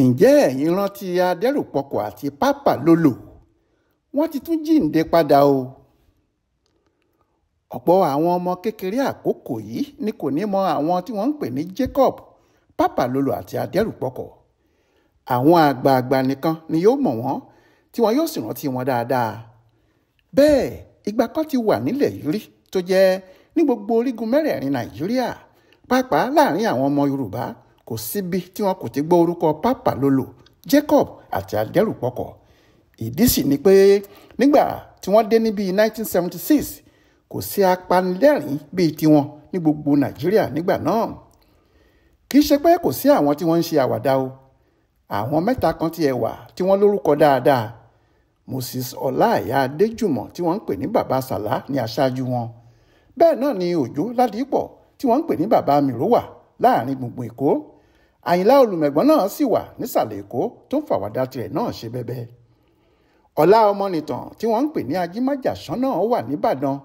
ǹjẹ́ ẹ̀yin rántí adẹ́rùpọ̀kọ̀ àti pápá lólò wọ́n ti tún jíǹde padà o ọ̀pọ̀ àwọn ọmọ kékeré àkókò yìí ni kò ní mọ àwọn tí wọ́n ń pè ní Jacob pápá lólò àti adẹ́rùpọ̀kọ̀ àwọn àgbààgbà nìkan ni yóò mọ̀ wọ́n tí wọn yóò sì rántí wọn dáadáa bẹ́ẹ̀ ìgbà kan ti wà nílẹ̀ yìí rí tó jẹ́ ní gbogbo orígun mẹ́rẹ̀ẹ̀rin Nàìjíríà pàápàá láàrin àwọn ọmọ Yorùbá kò síbi tí wọn kò ti gbọ́ orúkọ pápá lólò Jacob àti adẹ́rùpọ̀kọ̀ ìdí sì ni pé nígbà tí wọ́n dé níbi 1976 kò sí apanilẹ́rìn bíi tiwọn ní gbogbo Nàìjíríà nígbà náà kì í ṣe pé kò sí àwọn tí wọ́n ń ṣe àwàdà o àwọn mẹ́ta kan ti ẹ̀wà tí wọ́n lórúkọ dáadáa Moses Ọláìyá Adéjùmọ̀ tí wọ́n ń pè ní Bàbá Sàlá ní aṣáájú wọn bẹ́ẹ̀ náà ni Òjó Ládìípọ̀ tí wọ́n ń pè ní Bàbá Mìrówà láàrin gbùngbùn Èkó àyìnlá olùmẹ̀gbọ́n náà sì wà nísàlẹ̀ èkó tó ń fàwádà tirẹ̀ náà ṣe bẹ́bẹ́ ọ̀la ọmọnìtàn tí wọ́n ń pè ní ajímájàsán náà wà nìbàdàn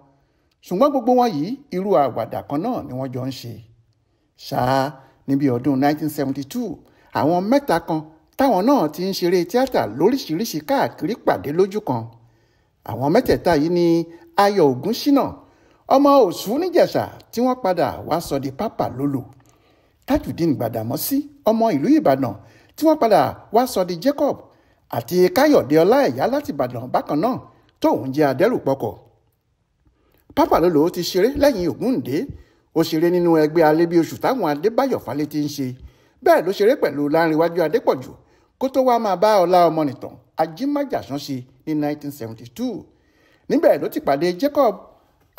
ṣùgbọ́n gbogbo wọn yìí irú àwàdà kan náà ni wọ́n jọ ń ṣe ṣáá níbi ọdún 1972 àwọn mẹ́ta kan táwọn náà ti ń ṣeré tíátà lóríṣiríṣi káàkiri pàdé lójú kan àwọn mẹ́tẹ̀ẹ̀ta yìí ni ayọ̀ ògúnṣínà ọmọ òṣù níjẹ̀ṣà tí wọ́n padà wá sọ di pápá lólò tajudeen gbàdàmọ́sí ọmọ ìlú ìbàdàn tí wọ́n padà wá sọ di jacob àti káyọ̀dé ọláẹ̀yà láti ìbàdàn bákan náà tóun jẹ́ adẹ́rùpọ̀kọ̀ pápálọ́lọ́ ti ṣeré lẹ́yìn ògúndé ó ṣeré nínú ẹgbẹ́ alébíoṣù táwọn adébáyọ̀ falẹ̀ ti ń ṣe bẹ́ẹ̀ ló ṣeré pẹ̀lú láńrewájú adépọ̀jù kó tó wáá máa bá ọlá ọmọnìtàn ajímájàsán ṣe ní 1972 níbẹ̀ ló ti pàdé jacob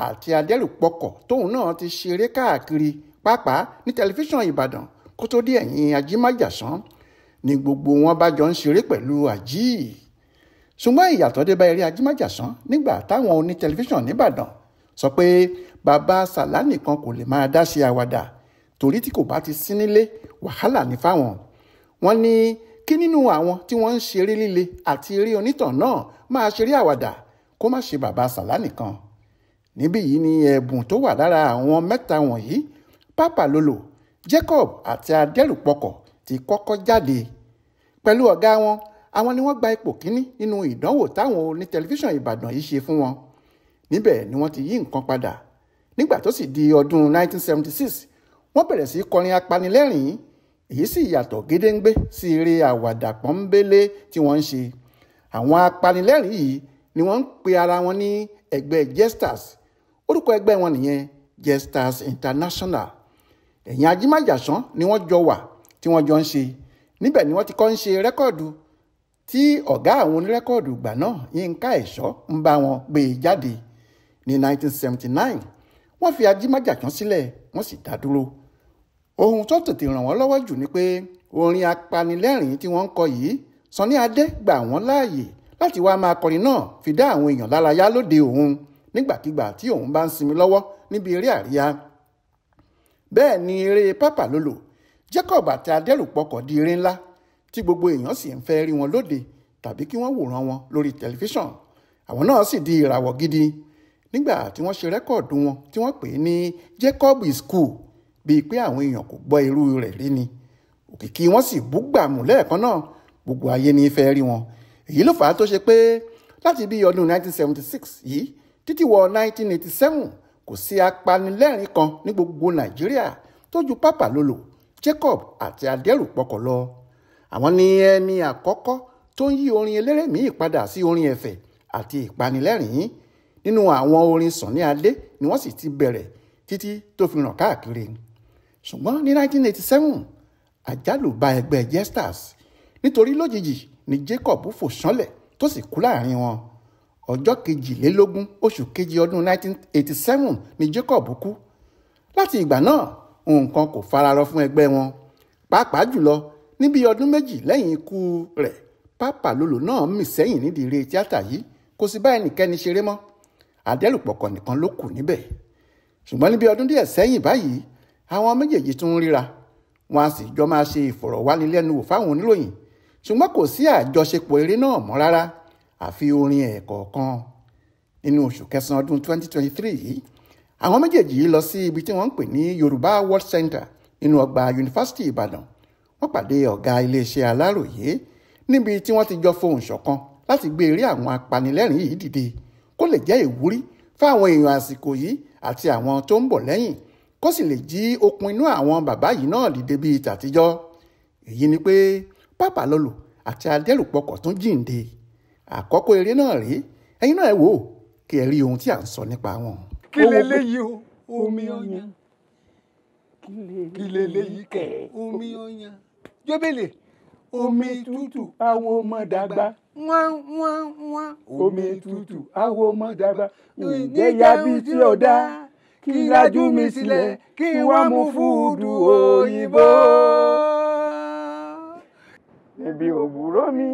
àti adẹ́rùpọ̀kọ̀ tóun náà ti ṣeré káàkiri pàápàá ní tẹlifíṣàn ìbàdàn kó tó dé ẹ̀yìn ajímájàsán ni gbogbo wọn bá jọ ń ṣeré pẹ̀lú àjí ṣùgbọ́n ìyàtọ̀ dé bá eré ajímájàsán nígbà táwọn oní tẹlifíṣàn nìbàdàn sọ pé bàbá sàlá nìkan kò lè máa dá ṣe àwàdà torí tí kò bá ti sí nílé wàhálà ní fáwọn wọn ní kí nínú àwọn tí wọ́n ń ṣeré líle àti eré onítàn náà máa ṣeré àwàdà kó má ṣe bàbá sàlá nìkan níbí yìí ni ẹ̀bùn tó wà lára àwọn mẹ́ta wọ̀nyí Papalolo Jacob àti Adẹ́rùpọkọ̀ ti kọ́kọ́ jáde pẹ̀lú ọ̀gá wọn àwọn ni wọ́n gba ipò kíní nínú ìdánwò táwọn oní tẹlifíṣàn Ìbàdàn yìí ṣe fún wọn níbẹ̀ ni wọ́n ti yí nǹkan padà nígbà tó sì di ọdún 1976 wọ́n bẹ̀rẹ̀ sí kọrin apanilẹ́rìn-ín èyí sì yàtọ̀ gédéǹgbé sí eré àwàdà pọ́nbélé tí wọ́n ń ṣe àwọn apanilẹ́rìn yìí ni wọ́n ń pe ara wọn ní ẹgbẹ́ jesters orúkọ ẹgbẹ́ wọn nìyẹn jesters international ẹ̀yìn ajímàjàsán ni wọ́n jọ wà tí wọ́n jọ ń ṣe níbẹ̀ ni wọ́n ti kọ́ ń ṣe rẹ́kọ̀dù tí ọ̀gá àwọn onírẹ́kọ̀dù ìgbà náà Yínká Ẹ̀ṣọ́ ń bá wọn gbé e jáde ní 1979 wọ́n fi ajímàjàsán sílẹ̀ wọ́n sì dá dúró ohun tó tètè ràn wọ́n lọ́wọ́ jù ni pé orin apanilẹ́rìn tí wọ́n ń kọ yìí Sunny Adé gbà wọ́n láàyè láti wá máa kọrin náà fi dá àwọn èèyàn lárayá lóde òun nígbàkigbà tí òun bá ń sinmi lọ́wọ́ níbi eré àríyá bẹ́ẹ̀ ni eré pápá ló Jacob àti adẹ́rùpọkọ̀ di eré ńlá tí gbogbo èèyàn sì ń fẹ́ rí wọn lóde tàbí kí wọ́n wòran wọn lórí tẹlifíṣàn àwọn náà sì di ìràwọ̀ gidi nígbà tí wọ́n ṣe rẹ́kọ̀dù wọn tí wọ́n pè é ní Jacob is cool bíi pé àwọn èèyàn kò gbọ́ irú rẹ̀ rí ni òkìkí wọn sì bú gbàmù lẹ́ẹ̀kan náà gbogbo ayé ní fẹ́ rí wọn èyí ló fà á tó ṣe pé láti bí ọdún 1976 yìí títí wọ 1987 kò sí apanilẹ́rìn kan ní gbogbo nàìjíríà tó ju pápá lòlò jacob àti adẹ́rùpọ̀kọ̀ lọ àwọn ni ẹni àkọ́kọ́ tó ń yí orin eléré míì padà sí orin ẹ̀fẹ̀ àti ìpanilẹ́rìn nínú àwọn orin Sunny Adé ni wọ́n sì ti bẹ̀rẹ̀ títí tó fi ràn káàkiri ṣùgbọ́n ní 1987 àjálù bá ẹgbẹ́ jesters nítorí lójijì ni jacob fò ṣánlẹ̀ tó sì kú láàrin wọn ọjọ́ kejìlélógún oṣù kejì ọdún 1987 ni Jacob kú láti ìgbà náà nǹkan kò fararọ fún ẹgbẹ́ wọn pàápàá jùlọ ní bíi ọdún méjì lẹ́yìn ikú rẹ̀ pápá lòlò náà mì sẹ́yìn nídìí eré tíátà yìí kò sì bá ẹnikẹ́ni ṣeré mọ́ àdẹ́rùpọ̀kọ̀ nìkan ló kù níbẹ̀ ṣùgbọ́n ní bíi ọdún díẹ̀ sẹ́yìn báyìí àwọn méjèèjì tún ń ríra wọn a sì jọ máa ṣe ìfọ̀rọ̀wánilẹ́nuwò fáwọn oníròyìn ṣùgbọ́n kò sí àjọṣepọ̀ eré náà mọ́ rárá àfi orin ẹ̀ kọ̀ọ̀kan nínú oṣù kẹsàn-án ọdún 2023 yìí àwọn méjèèjì yìí lọ sí ibi tí wọ́n ń pè ní Yorùbá World Center nínú ọgbà yunifásitì Ìbàdàn wọ́n pàdé ọ̀gá iléeṣẹ́ Aláròyé níbi tí wọ́n ti jọ fohùn ṣọ̀kan láti gbé eré àwọn apanilẹ́rìn yìí dìde kó lè jẹ́ ìwúrí fáwọn èèyàn àsìkò yìí àti àwọn tó ń bọ̀ lẹ́yìn kó sì lè jí okun inú àwọn bàbá yìí náà dìde bíi tàtijọ́ èyí ni pé Pápálọ́lù àti Adẹ́rùpọ̀kọ̀ tún jíǹde àkọ́kọ́ eré náà rí ẹ̀yin náà ẹ wò ó kí ẹ rí ohun tí à ń sọ nípa wọn. kí leléyìí o omi ọyàn kí leléyìí kẹ omi ọyàn jóbélé omi tútù àwọn ọmọ dàgbà wọ́n wọ́n wọ́n omi tútù àwọn ọmọ dàgbà ǹjẹ́ ya bí tí ó dá kí lajú mi sílẹ̀ kí wọ́n mú fúdù òyìnbó. níbi òwúrọ̀ mi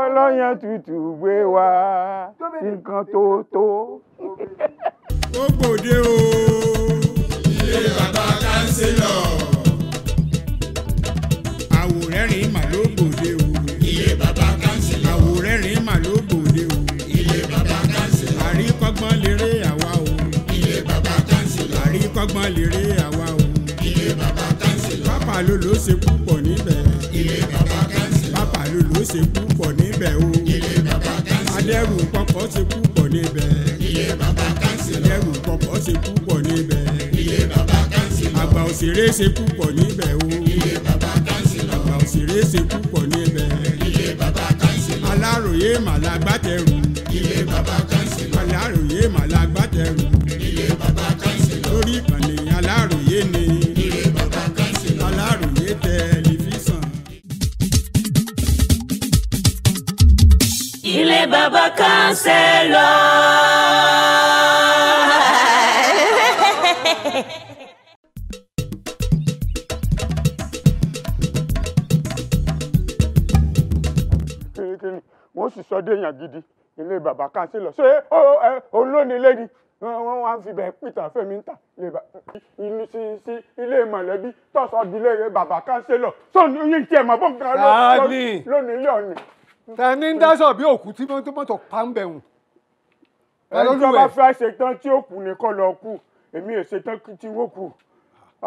ọlọ́yàn tútù gbé wá nǹkan tó tó. ó gbòde o ilé bàbá. ṣe púpọ̀ níbẹ̀ o. ilé Baba kánsílọ̀. bàbá òṣèré ṣe púpọ̀ níbẹ̀. ilé Baba kánsílọ̀. aláròyé màlágbátẹrù. ilé Baba kánsílọ̀. aláròyé màlágbátẹrù. ilé Baba kánsílọ̀. lórí ìkànnì aláròyé ni. ilé Baba kánsílọ̀. aláròyé tẹlifíṣàn. ilé Baba kánsílọ̀. sọdé èèyàn gidi ilé bàbá kánsílọ̀ ṣé òun ló ní ilé ni wọ́n wá ń fi bẹ́ẹ̀ pìtà fẹ́mi ń tà ilé mọ̀lẹ́bí tọ́sọ̀dù ilé bàbá kánsílọ̀ sọ́ni oyin tiẹ̀ mọ̀ bó nǹkan lónìí ilé ọ̀nì. tani ń dáṣọ bí òkú tí mọ́tò pa ń bẹ̀rù. ẹni tó bá fẹ́ ṣetán tí ó kù lọ kù èmi ò ṣetán tí wọ́n kù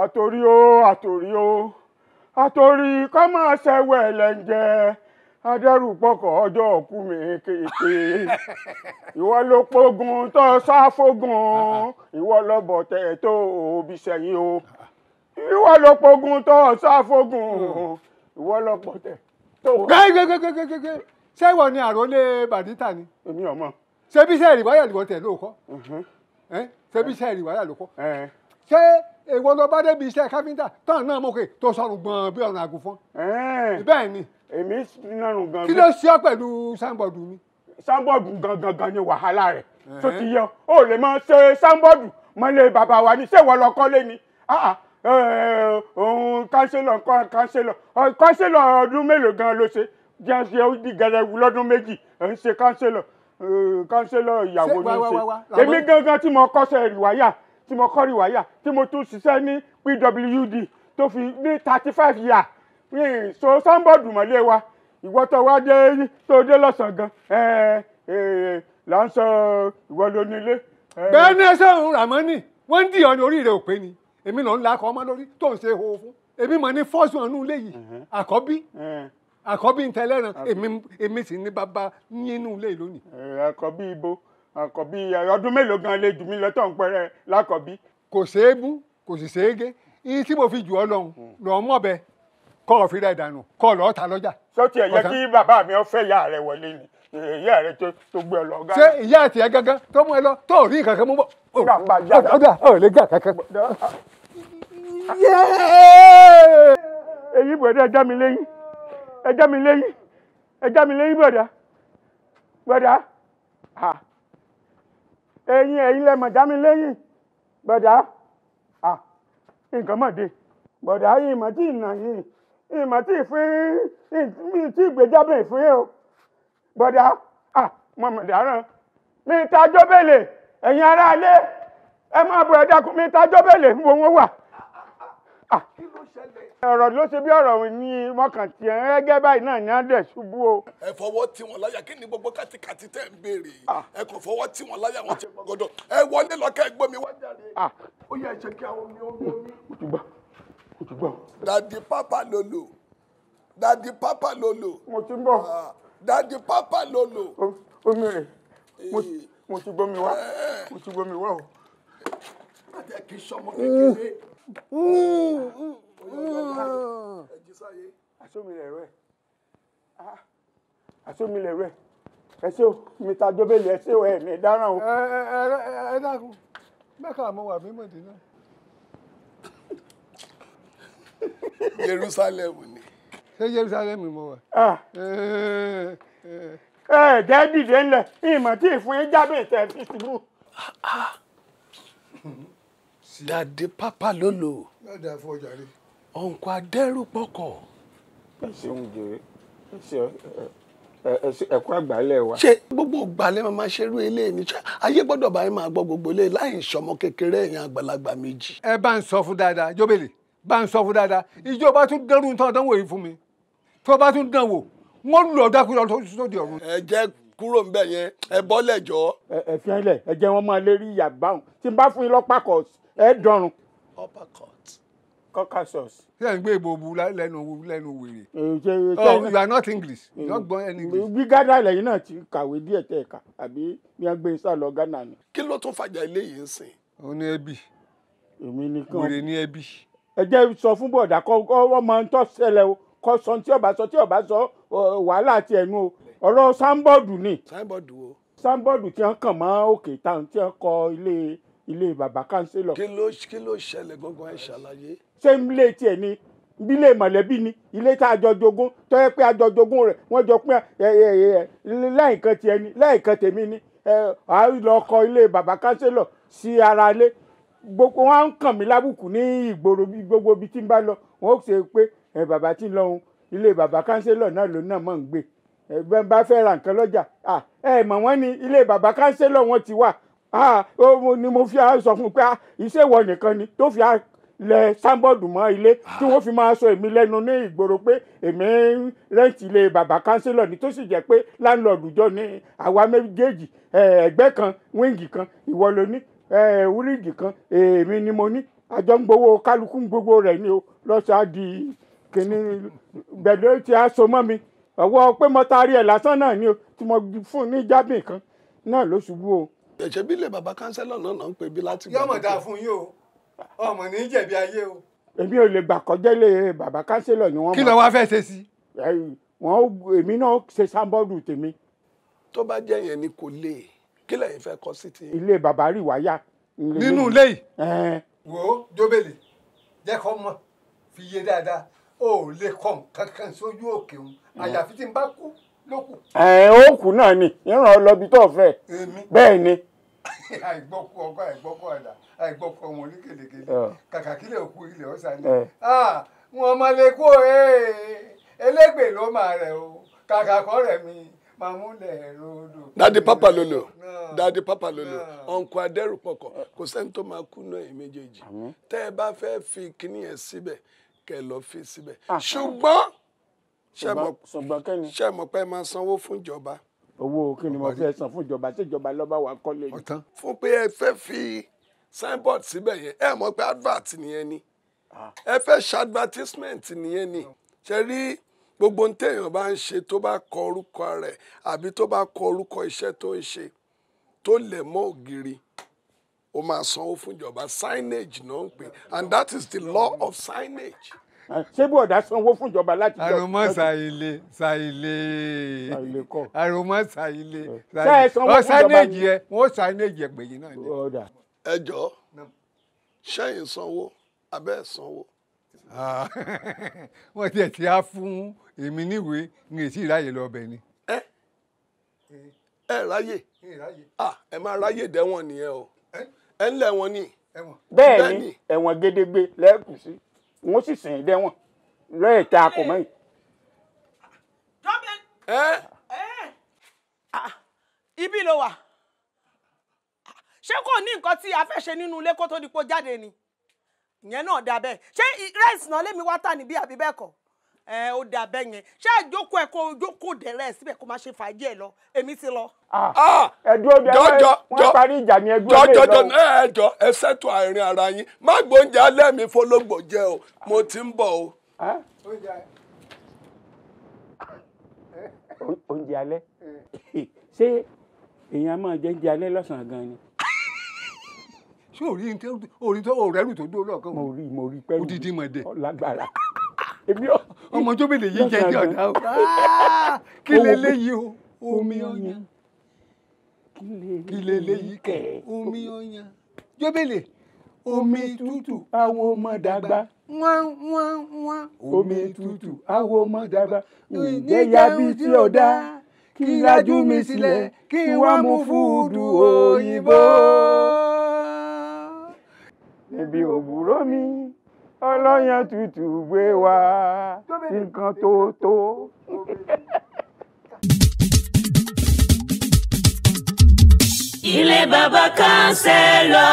àtòrí o àtòrí o àtòrí ká máa ṣẹ́wẹ̀ lẹ́ńjẹ́ adẹ́rù pọkọ̀ ọjọ́ òkú mi kéèké ìwọ ló pogun tó sáfógun ìwọ lọ́bọ̀ tẹ̀ tó òbí sẹ́yìn o ìwọ ló pogun tó sáfógun ìwọ lọ́pọ̀ tẹ̀ tó. gẹ́gẹ́gẹ́gẹ́gẹ́ ṣé ìwọ ni àròlé bàdítà ni. èmi ò mọ̀. ṣé bí sẹ́ẹ̀rì wáyà ló tẹ̀ ló kọ́ ṣé bí sẹ́ẹ̀rì wáyà ló kọ́ ṣé èwo ló bá débi iṣẹ́ káfíńtà tán náà mọ̀ pé tó sọ̀rùn gbọ̀n bí ọ̀nà àgùnfọ́n. bẹ́ẹ̀ ni èmi nínú gan. kí ló ṣe ọ pẹ̀lú sanbọọdù mi. sanbọọdù gangan ni wàhálà rẹ̀ tó ti yẹ o lè mọ ṣe sanbọọdù mọ́lẹ̀ bàbá wa ní ṣèwọ́ lọ kọ́lé ni ah, ah, eh, òun kánsílọ̀ kánsílọ̀ kánsílọ̀ ọdún mélòó gan ló ṣe jẹ́ ṣe ó di gẹ̀rẹ́wù lọ́dún méjì ń ṣe kánsílọ̀ eh, kánsílọ̀ ìyàwó ló ṣe èmi gangan tí mo kọ́ṣẹ́ rìwáyà tí mo kọ́ rìwáyà tí mo tún ṣiṣẹ́ ní pwd tó fi ní thirty five years so sáńbọ̀dù mọ́lé wa ìwọ tó wá dé tó dé lọ́sàn-án gan là ń sọ ìwọ ló nílé. bẹ́ẹ̀ ni ẹsẹ̀ òun Ramoni wọ́n ń dìyàn ní orí rẹ̀ ò pé ni èmi ló ń la akọ ọmọ lórí tó ń ṣe ho fún èmi mọ̀ ní fọ́ọ̀sì ọ̀nù ilé yìí àkọ́bí àkọ́bí ń tẹ́lẹ̀ràn èmi sì ní bàbá nínú ilé lónìí. àkọ́bí ibo àkọ́bí ọdún mélòó gan lè jù mí lọ tó ń pẹ́rẹ́ lákọ̀bí. kò ṣeé bú kò sì ṣeé gé iye tí mo fi jù ọ lọ́hùn lọ́ọ́ mọ̀ bẹ́ẹ̀ kọ́ ọ fi rẹ̀ dànù kọ́ ọ lọ́ọ́ ta lọ́jà. sọ́tì ẹ̀yẹ kí bàbá mi ọ fẹ́ ìyá rẹ̀ wọlé ni ìyá rẹ̀ tó gbé ọ lọ. ṣé ìyá àti ẹ gangan tó mú ẹ lọ tó rí nǹkan kan mú bọ̀. ọ̀dà ọ̀ lè gà kankan. èyí bọ̀dá ẹ já mi lẹ́yìn ẹ já mi lẹ́yìn ẹ já mi lẹ́yìn bọ̀dá bọ̀dá ẹ̀yin ẹ̀yin lẹ mọ̀ já mi lẹ́yìn bọ̀dá nǹkan mọ̀ dé bọ̀dá yìí mọ̀ tí ì nà yìí ìmọ̀ tí ìfín mi tí ìgbéjábẹ̀ ìfín o bọ̀dá mọ̀mọ̀dáràn mi tajọ́ bẹ̀lẹ̀ ẹ̀yin ará ẹ máa bọ̀ ẹ̀dá kún mi tajọ́ bẹ̀lẹ̀ wo wọn wà. ọ̀rọ̀ ló ṣe bí ọ̀rọ̀ ní mọ́kàntì ẹ̀ gẹ́gẹ́ báyìí náà ní àdẹ̀ ṣubú o. ẹ fọwọ́ tí wọn láyà kí ni gbogbo kàtìkàtì tẹ̀ ń béèrè ẹ kàn fọwọ́ tí wọn láyà wọn ti gbọdọ̀ ẹ wọlé lọ́kẹ́ gbọ́ wájà rẹ̀ ó yẹ ẹ̀ṣẹ̀ dadi papa lolo dadi papa lolo. mo ti ń bọ̀. Ah, dadi papa lolo. omi rẹ̀ eh. mo ti gbọ́ mi wá eh. mo ti gbọ́ mi wá o. àjẹ kì í sọmọ kékeré. Mm. àsomilẹ̀ rẹ̀ ah, àsomilẹ̀ rẹ̀ ẹ ṣé o mr jobele ẹ ṣé o ẹ ní dáràn o. ẹ eh, ẹ ẹ dákun mẹ́ka mo wà bí mọ̀dínà. Jerusalem ni. Ṣé Jerusalem mo wà? Ẹ ah. eh, eh, eh. jẹ́ dìde ńlẹ̀, ìmọ̀ tí ìfún yín jábẹ̀ tẹ̀ fi ṣubú. Dàdé pápá ló lò. Dàdé àfọ jàre. Ọ̀nkọ adẹ́rù pọkọ̀. Ẹ ṣeun jèrè, ẹ ṣe ẹ̀kọ́ àgbálẹ̀ wa. Ṣé gbogbo ìgbàlẹ̀ máa máa ṣerú eléyìí ni ṣé ayé gbọ́dọ̀ báyìí máa gbọ́ gbogbo eléyìí láì ṣọmọ kékeré èèyàn àgbàlagbà méjì. Ẹ bá ń sọ fún dáadáa, Jóbélé bá ń sọ fún dáadáa ìjọba tún dẹrù tán dánwò yìí fún mi tó bá tún dán wò wọn lù ọ dákúrò tó di ọrùn. ẹ jẹ́ kúrò ń bẹ yẹn ẹ bọ́ lẹ́jọ́. ẹ fi hàn lẹ ẹ jẹ́ wọn máa lè rí ìyá báwọn tí n bá fún yín lọ́pàá court ẹ dọrùn. upper court. caucasus. ṣé ẹ ń gbé ìbòbú lẹ́nu lẹ́nu wèrè. oh you are not english you don't gbọ́ any english. bí gádà lẹ́yìn náà ti kàwé díẹ̀ tẹ̀ ká àbí bí wọ́n gbé e sá lọ ghana ni. kí ló tún fàjà eléyìí ń sìn. ó ní ẹbí. èmi nìkan. wèrè ní ẹbí ẹ jẹ́ sọ fún bọ̀dà kọ́ ọwọ́ máa ń tọ́ ṣẹlẹ̀ o kọ́ sọ tí ọba sọ tí ọba sọ wàhálà àti ẹ̀nu o ọ̀rọ̀ sáńbọ̀dù ni sáńbọ̀dù tí wọ́n kàn mọ́ òkè táwọn tí wọ́n kọ ilé ilé bàbá kánsílọ̀. kí ló kí ló ṣẹlẹ̀ gangan ẹ̀ ṣàlàyé. ṣé ilé tiẹ̀ ni ilé mọ̀lẹ́bí ni ilé tá a jọ jogún tó yẹ pé a jọ jogún rẹ̀ wọ́n jọ pín lẹ́yìn kan tiẹ̀ ni lẹ́yìn kan tèmi ni a lọ kọ ilé bàbá kánsílọ̀ sí ara ilé gbogbo wọn ń kàn mí lábùkù ní ìgboro gbogbo ibi tí n bá lọ wọn ó ṣe pé ẹ bàbá tí ń lọ òun ilé bàbá kánsélọ̀ náà ló náà mọ̀ ń gbé ẹ bá fẹ́ ra nǹkan lọ́jà ẹ mọ̀ wọ́n ní ilé bàbá kánsélọ̀ wọn ti wà ni mo fi sọ fún un pé ìṣèwọ nìkan ni tó fi lẹ sábọọdù mọ ilé ah. tí wọn fi máa sọ èmi lẹ́nu ní ìgboro pé èmi rẹǹtì ilé bàbá kánsílọ̀ ni tó sì jẹ́ pé láńlọọdù jọ ní àwa méjèèjì ẹgbẹ́ kan wíńgì kan ìwọ ló wíríjì kan èmi ni mo ní àjọ ń kálukú gbogbo rẹ̀ ni o lọ́sàá di kìnní gbẹ̀dọ̀ tí a so mọ́ mi ọwọ́ pé mo taari ẹ̀ lásán náà ni o tí mo fún ní jábìn kan náà ló o. ẹ̀ṣẹ̀ bí ilé bàbá kánsẹ́lọ̀ náà náà ń pè bí láti. yọmọ dáa fún yín o ọmọ ní jẹ̀bi ayé o. èmi ò lè gbà kọjá bàbá kánsẹ́lọ̀ ni kí lẹ́yìn fẹ́ kọ́ sí ti. ilé bàbá rí wáyà. nínú ilé yìí. wò ó jóbèlè jẹ́ kó mọ̀ fi yé dáadáa ó lè kọ́ nǹkan kan sójú òkè òun mm. àyàfi tí n bá kú ló kù. ẹ ó kù náà ni ìran ọlọbi tó fẹ́ bẹ́ẹ̀ ni. àìgbọ́kú ọkọ àìgbọ́kú ọ̀dà àìgbọ́kú ọmọ oníkèlèkèlè kàkà kílẹ̀ òkú ilẹ̀ ọ̀sán ni wọn máa lè kó eh, elégbè ló máa rẹ̀ o kàkà kọ́ rẹ̀ mi dadi papa lolo ah. dadi papa lolo ọ̀nkù ah. adẹ́rùpọ̀kọ̀ kò sẹ́ni tó máa kú náà méjèèjì tẹ́ ẹ bá fẹ́ fi kíní yẹn síbẹ̀ kẹ́ ẹ lọ fi síbẹ̀ ah. ṣùgbọ́n ṣe mọ̀ pé ẹ máa sanwó fún ìjọba. owó kí ni mo fẹ́ san fún ìjọba tí ìjọba lọ́ba wa kọ́lé yìí. fún pé ẹ fẹ́ fi signboard síbẹ̀ yẹn ẹ mọ̀ pé advert nìyẹn ni ẹ fẹ́ ṣe advertisement nìyẹn ni ṣe rí gbogbo ohun téèyàn bá ń ṣe tó bá kọ orúkọ rẹ̀ àbí tó bá kọ orúkọ iṣẹ́ tó ń ṣe tó lẹ̀ mọ́ ògiri ó máa sanwó fúnjọba signage náà ń pè and that is the law of signage ṣé bí ọ̀dà sanwó fúnjọba láti jọ. àròmọ sàìlè sàìlè àròmọ sàìlè sàìlè ọ sánéèjì ẹ wọn ó sánéèjì ẹ pèyí náà ni. ẹ jọ ṣẹ́yìn sanwó abẹ́ sanwó. Ah, wọ́n tiẹ̀ ti á fún èmi níwèé ní èsì ìráyè lọ ọbẹ̀ ni. ẹ ẹ ráyè ah, ẹ máa ráyè dẹ́wọ̀n nìyẹn o ẹ ń lẹ̀wọ̀n ni. bẹ́ẹ̀ ni ẹ̀wọ̀n gédégbé lẹ́kùn sí wọ́n sì sìn dẹ́wọ̀n lọ́ọ̀ta kò mọ́ yìí. Ah, ibi ló wà ṣé kò ní nǹkan tí a fẹ́ ṣe nínú ilé kó tó di pò jáde ni ìyẹn náà dà bẹ́ẹ̀ ṣé rẹ́ẹ̀sì náà lémi wá tà níbí àbí bẹ́ẹ̀ kọ́ ẹ ó dà bẹ́ẹ̀ yẹn ṣé ìjókòó ẹ̀ kó jókòó dẹ̀rẹ́ síbẹ̀ kó má ṣe fàájì ẹ̀ lọ èmi ti lọ. Ah, ah, ah, ẹ̀dúró bí wọ́n parí ìjà ni ẹgbẹ́ olè lọ. jọjọ ẹ jọ ẹ ṣètò àárín ara yín má gbóúnjẹ alẹ́ mi fọlọ́gbọ̀ jẹ o mo ti ń bọ̀ o. oúnjẹ alẹ́ ṣé èèyàn máa jẹ oúnjẹ alẹ́ lọ́sàn-án gan ni ṣé orí tó orí tó ọ̀rẹ́ rù tó dúró lọ́ọ̀kan. mo rí mo rí pẹ́lú odidi mọ̀dẹ̀. lágbára èmi ò. ọmọ tó bèlè yìí jẹ ẹjẹ ọ̀dà o ah! kí leléyìí o omi ọyàn kí leléyìí kẹ omi ọyàn jóbèlè omi tútù awo ọmọ dàgbà wọ́n wọ́n wọ́n omi tútù awo ọmọ dàgbà ǹjẹ́ ya bí tí ọ̀dà kí n lajú mi sílẹ̀ kí n wá mú fúdù òyìnbó níbi òwúrọ̀ mi ọlọ́yàn tútù gbé wá nǹkan tó tó. ilé baba kánsẹ́ ṣe wò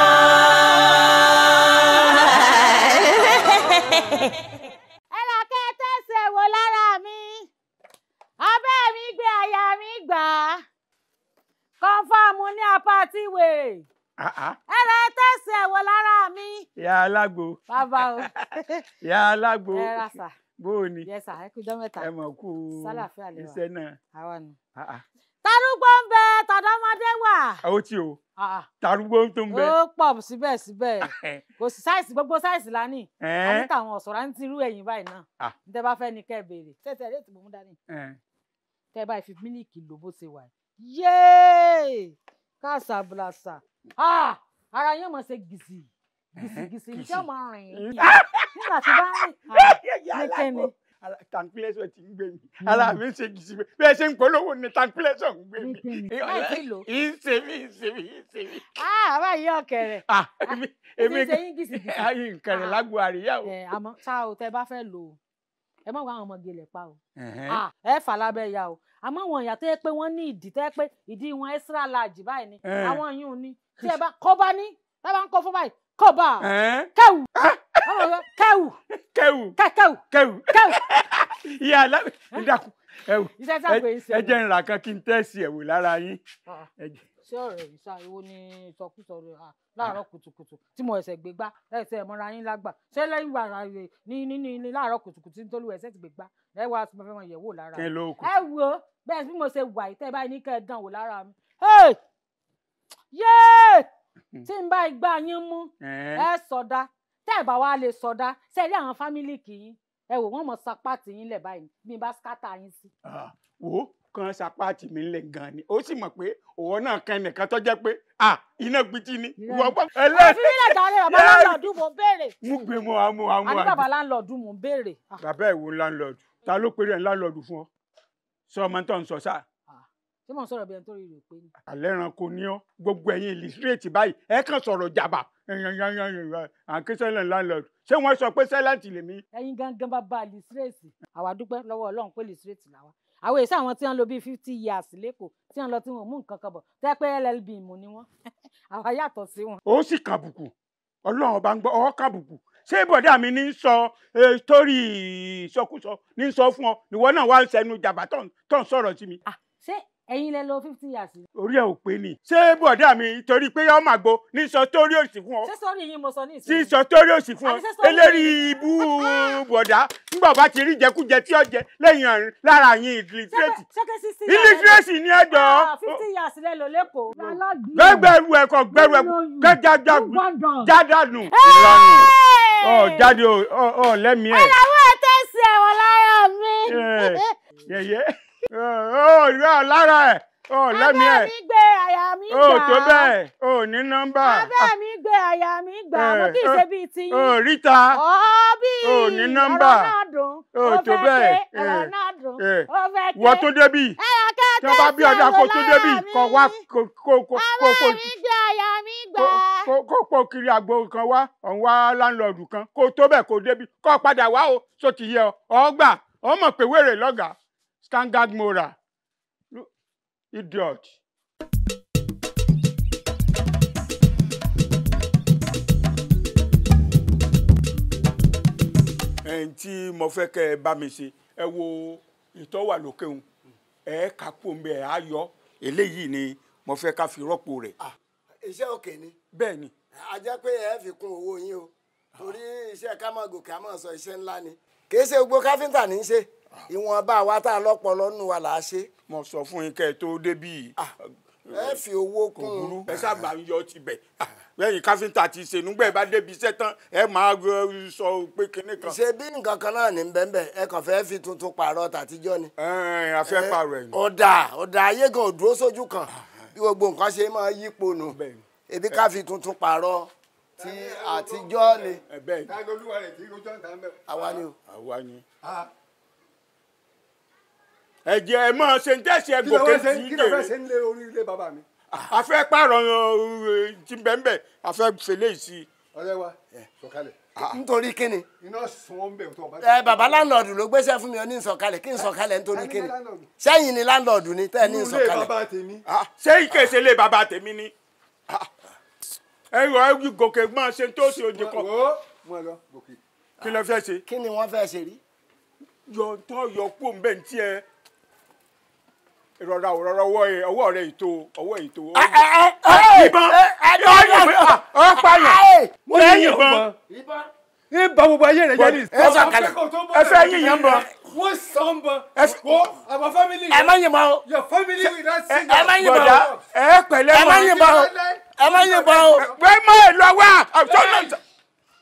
kọ́ńfàmù ní apá tí wèrè ẹrẹ tẹsí ẹwọ lára mi. ìyá alágbo. bàbá o. ìyá alágbo. ẹ ra sà. bó o ni. yẹ sà ẹ kú jọ mẹ́ta. ẹ mọ̀ kú iṣẹ́ náà. àwa ni. Ah, ah. tarúgbó ń bẹ tọ̀dọ́mọdé wà. ó ti o ah, tarúgbó tó ń bẹ. ó pọ̀ síbẹ̀síbẹ̀ kò sí sáìsì gbogbo sáìsì lání. àti tàwọn ọ̀ṣọ́ra ń tirú ẹ̀yìn báyìí náà. n tẹ́ bá fẹ́ ni kẹ́ ẹ béèrè. tẹ́tẹ́ rẹ̀ tìbọn mú dání. tẹ́ bá fi mílíkì lò bó ṣe wà yéé káàsà bùlàsà Ah, ara yẹn mọ̀ ṣe gìsì gìsìgìsì iṣẹ́ ọmọ rìn ah! nígbà tí bá rìn ní kẹ́ni. tanpilẹsọ ti ń gbé mi ara mi ṣe gìsì mi bẹ́ẹ̀ ṣe ń polówó ni tanpilẹsọ ń gbé mi ìṣe mi ìṣe mi ìṣe mi. àbá yìí ọ̀kẹ́rẹ́ ah, èmi ṣe yín gìsìgìsì. ayé nkẹrẹ lágbo àríyá o. àmọ́ tá o tẹ bá fẹ́ lò ó ẹ má wá àwọn ọmọge lẹ̀ pa o ẹ fà lábẹ́ ya o àmọ́ àwọn ìyá tó yẹ pé wọ́n ní ìdí tó yẹ pé ìdí wọn extra large báyìí ni àwọn yìí ò ní tí ẹ bá kọ́ bá ní tá bá ń kọ́ fún báyìí kọ́ bá ah! kẹ́wù kẹ́wù kẹ́wù kẹ́wù kẹ́wù kẹ́wù. ìyá alábẹ́ ìdákun ẹ̀wù ẹ̀jẹ̀ ńlá kan kí n tẹ́sí ẹ̀wù lára yín. Ah sí ọ̀rọ̀ yìí ṣá èwo ni ìsọkúsọ rẹ̀ à láàárọ̀ ah. kùtùkùtù tí mo ẹ̀sẹ̀ gbé gbá ẹ̀sẹ̀ mọ́ra yín lágbà ṣé lẹ́yìn wàrà rẹ̀ ní ní ní láàárọ̀ kùtùkùtù tí tólú ẹ̀sẹ̀ ti gbé gbá ẹ wá sí fẹ́fẹ́ mọ ìyẹ̀wò lára mi ẹ wo bẹ́ẹ̀ bí mo ṣe wà yìí tẹ́ ẹ bá ní kẹ́ ẹ dán wò lára mi yéé hmm. tí n bá igbá yín mú eh? ẹ sọdá tẹ́ ẹ bá wá lè sọdá ṣe rí àwọn fámílì kì í ẹ wò wọ́n mọ̀ sapá tì yín lẹ̀ báyìí bí n bá skátà yín sí. Ah, wo kan sapáàtì mi lẹ̀ gan ni ó sì mọ̀ pé òwò náà kan nìkan tó jẹ́ pé à iná gbitì ni. àfi nílẹ̀ jàre bàbá láńlọ́ọ̀dù mò ń béèrè. mú gbé mu àmú àmú àdì. àní bàbá láńlọ́ọ̀dù mò ń béèrè. Ah. bàbá ìwo láńlọ́ọ̀dù ta ló péré láńlọ́ọ̀dù fún ọ sọ ọmọ tó ń sọ sáà. Ah. ṣé mò ń sọ̀rọ̀ bí ẹni tó rí rè pé. àlẹ́ ẹranko ni ọ gbogbo ẹ̀yin ìlísírèètì báyìí ẹ kàn sọ̀rọ̀ jàbà àkínsẹ́lẹ̀ láńlọ́ọ̀dù ṣé wọ́n sọ pé sẹ́láǹtì lèmi. ẹ̀yin gangan bá ba lìsírèètì àwa dúpẹ́ lọ́wọ́ Ọlọ́run pé lìsírèètì làwa àwọn èso àwọn tí wọ́n lò bíi fifty years lẹ́kọ̀ọ́ tí wọ́n lọ tí wọ́n mú nǹkan kan bọ̀ tẹ́ pé llb mú ni wọ́n àwa yàtọ̀ sí wọn. ó sì kàbùkù ọlọ́run ọba ń gbọ́ ọ kàbùkù ṣé bọ̀dá mi ní sọ torí ìsọkúsọ ní sọ fún ọ ìwọ náà wá ń sẹnu jàbá tó ń sọ̀rọ̀ sí mi. Ah, ṣé ẹ̀yin lẹ lo fifty years. orí ẹ ò pé ni. ṣé bọ̀dá mi torí pé yọ máa gbo ní sọ torí òsì fún ọ. ṣé sọrí yín mo sọ ní ìsinmi. sí sọ torí òsì fún ọ eléri ibú bọ̀dá nígbà bá ti rí jẹkújẹ tí ó jẹ lẹ́yìn ọ̀run lára yín ìlítírẹ́sì. ìlítírẹ́sì ni ẹ jọ. Ah, fifty years lẹ lò lẹ́kọ̀ọ́. gbẹgbẹrú ẹkọ gbẹrú ẹkọ kẹjájágun jádànù ìlànà ọ jáde ọ lẹ́mìí ẹ. ọ̀làwọ̀ tẹ̀sí ẹ̀wọ̀n lára mi. yẹ̀yẹ́ ó yọ lára ẹ̀ ó lẹ́mí ẹ̀. abẹ́ mi gbé àyà mi gbà. ó tó bẹ́ẹ̀ ó ní nọ́mbà. abẹ́ mi gbé àyà mi gbà mo kì í ṣe bíi tiyín. ó ríta ó ní nọ́mbà ó tó bẹ́ẹ̀ ọ̀rọ̀ náà dùn ó fẹ́ ké. wọ́n tó bá bí ọ̀dà kó tó débì kó wá kó kó kiri àgbo kan wá ọ̀hún wá láńlọ́ọ̀dù kan kó tó bẹ́ẹ̀ kó débì kó padà wá o sọ ti yẹ ọ ọ gbà ọ mọ̀ pé wèrè lọ́gàá standard moral idiot. ẹ̀yìn tí mo fẹ́ kẹ́ ẹ bá mi ṣe ẹ wo ìtọ́wà lókè òun ẹ kà kó ń bẹ ẹ á yọ eléyìí ni mo fẹ́ ká fi rọ́pò rẹ̀. Ah, iṣẹ́ òkè ni. bẹ́ẹ̀ ni. a jẹ́ pé ẹ fi kún owó yín o torí iṣẹ́ ká máa gòkè á máa sọ iṣẹ́ ńlá ni kì í ṣe gbogbo káfíńtà ní í ṣe ìwọ̀nba àwa tá a lọ́pọlọ nù wa là á ṣe. mo sọ fún yín kẹ́ ẹ tó débí. Ah, ẹ fi owó kún un. ẹ sábà ń yọ tibẹ̀ ah, lẹ́yìn káfíńtà ti ṣe nígbà bá débi iṣẹ́ tán ẹ máa sọ pé kinní kan. ṣe bí nǹkan kan náà ní bẹ́ẹ̀ ẹ kàn fẹ́ fi tuntun pààrọ̀ tàtijọ́ ni. a fẹ́ pààrọ̀ ẹ̀ ní. ọ̀dà ọ̀dà ayé gan ò dúró sójú kan ah, bí gbogbo nǹkan ṣe máa yípo nù ebi ká fi tuntun pààrọ̀ ti àtijọ́ ni. àwa ni o. àwa ni ẹ jẹ́ ẹ máa ṣe ń tẹ̀sí ẹ gòkè sí jèrè. kí ló fẹ́ ṣe ń lé orí ilé bàbá mi. Ah, a fẹ́ pààrọ̀ eh, ti bẹ́ẹ̀nbẹ́ẹ̀ a fẹ́ fèlè sí i. ọ̀rẹ́ wa sọ̀kalẹ̀. Ah. nítorí kíni. iná sun ó ń bẹ̀ tó ọba. ẹ eh, bàbá láńlọ́ọ̀dù ló gbéṣẹ́ fún mi ọ ní ìsọ̀kalẹ̀ kí ìsọ̀kalẹ̀ nítorí ah, kíni. sẹ́yìn ni láńlọ́ọ̀dù ni tẹ́ ẹ ní ìsọ̀kalẹ̀. ṣé ìkèsè lè bàbá tèmi ni. ẹ rọ ẹ gòkè máa ṣe tó ṣe òjì kan. kí ló fẹ́ ṣe. kí ni wọ́n fẹ́ ṣe rí. yọ̀ntọ́ yọ kó ń bẹ̀ ń tiẹ̀ rọra rọra ọwọ́ ọwọ́ rẹ ìtò ọwọ́ ìtò. ìbọn ìbọn ọpààyàn mo ní ìbọn ìbọn gbogbo ayé rẹ jẹni. ẹ sọ kalẹ ẹ fẹ yíyan bọ. wọ́n sàn bọ̀ wọ́n àwọn fámìlì rẹ. ẹ má yìnbọn o. yọ fámìlì rẹ sí i. ẹ má yìnbọn o. ẹ pẹ̀lẹ́ mọ ẹ má yìnbọn o. ẹ má yìnbọn o. bẹ́ẹ̀ má ẹ lọ wá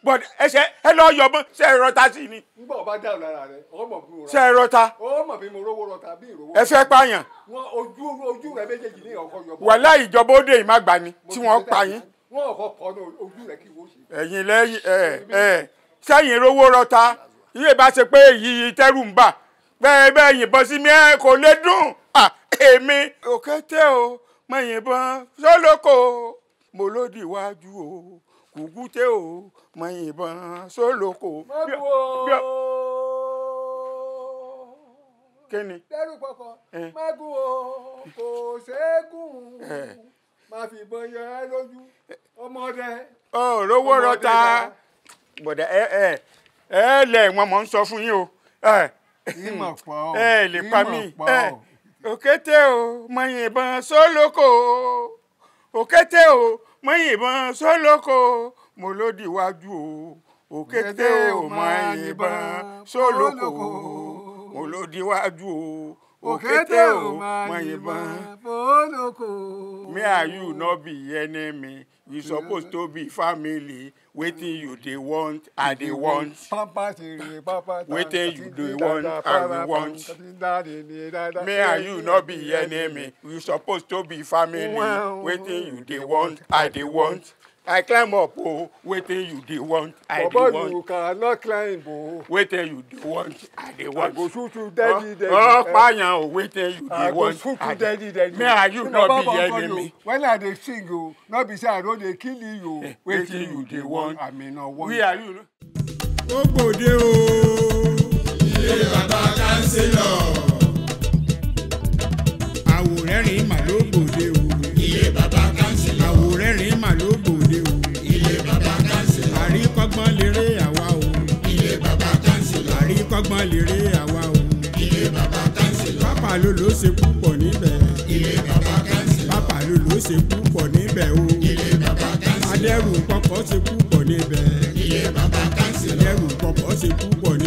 but ẹsẹ ẹ lọ yọmọ ṣe é rọta sí ni. ngbà ọba dà lára rẹ ọmọ bí mo rọta. ṣe é rọta. ọmọ bí mo rówó rọta bí ìrówó. ẹ fẹ́ pààyàn. wọn ojú ojú rẹ méjèèjì ní ọkọ yọbọ. wàhálà ìjọba ó dé ìmàgbà ni tí wọ́n pa yín. wọn ọkọ kọ ní ojú rẹ kí wọ́n ṣe. ẹ̀yin lẹ́yìn ẹ ẹ sẹ́yìn rówó rọta iye bá ṣe pé èyí tẹ́rù ń bà bẹ́ẹ̀ bẹ́ẹ̀ yìnbọn sí mi kò lè dùn èmi òkété o mọ̀ yìnbọn sólókò mọ́lódì wájú o kùkúté o mọ ìbọn sólòkò. mọ́bù o. kíni. dẹ́rù pọkàn mágù o kò ṣeégùn máa fi ìbọn yọ ẹ lójú ọmọdé. ọ lówó rọta bọ̀dà ẹ ẹ ẹ lẹ wọn mọ ń sọ fún yín o ẹ ẹ lè pa òkété o mọ ìbọn sólòkò o òkété o mọ yìnbọn sólóko mo lòdì wájú o òkété o mọ yìnbọn sólóko mo lòdì wájú o òkété ò máa yìnbọn fóònùkù. May and you no be enemy we suppose to be family wetin you dey want i dey want wetin you dey want i dey want May and you no be enemy we suppose to be family wetin you dey want i dey want. I climb up, oh, waiting you the want, I dey want. Baba, you cannot climb, oh. waiting you the want, I the want. I go shoot you deadly, deadly. Oh, payan, oh, waiting you the want, I dey want. I go shoot you deadly, deadly. Me and you not be enemy. When I they sing, you, oh, not be say I don't they kill you, oh. eh, waiting you the want, I may not want. We are you. Ó gbòde o, oh. ilé bàbá kánsílọ̀. ọgbọ́n lèrè àwa o. ilé bàbá kánsìlọ̀. pápá ló ló ṣe púpọ̀ níbẹ̀. ilé bàbá kánsìlọ̀. pápá ló ló ṣe púpọ̀ níbẹ̀ o. ilé bàbá kánsìlọ̀. adẹ́rù pọ̀pọ̀ ṣe púpọ̀ níbẹ̀. ilé bàbá kánsìlọ̀. adẹ́rù pọ̀pọ̀ ṣe púpọ̀